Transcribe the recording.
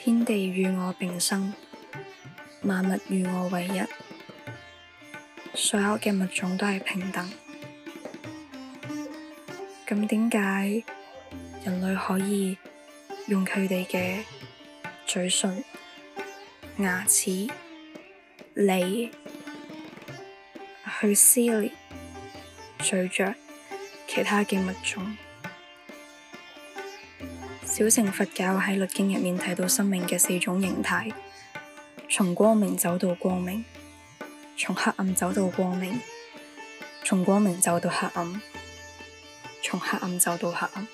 天地與我並生，萬物與我為一。所有嘅物種都係平等。咁點解人類可以用佢哋嘅嘴唇、牙齒、脷去撕裂、咀嚼其他嘅物種？小乘佛教喺律經入面睇到生命嘅四種形態，從光明走到光明，從黑暗走到光明，從光明走到黑暗，從黑暗走到黑暗。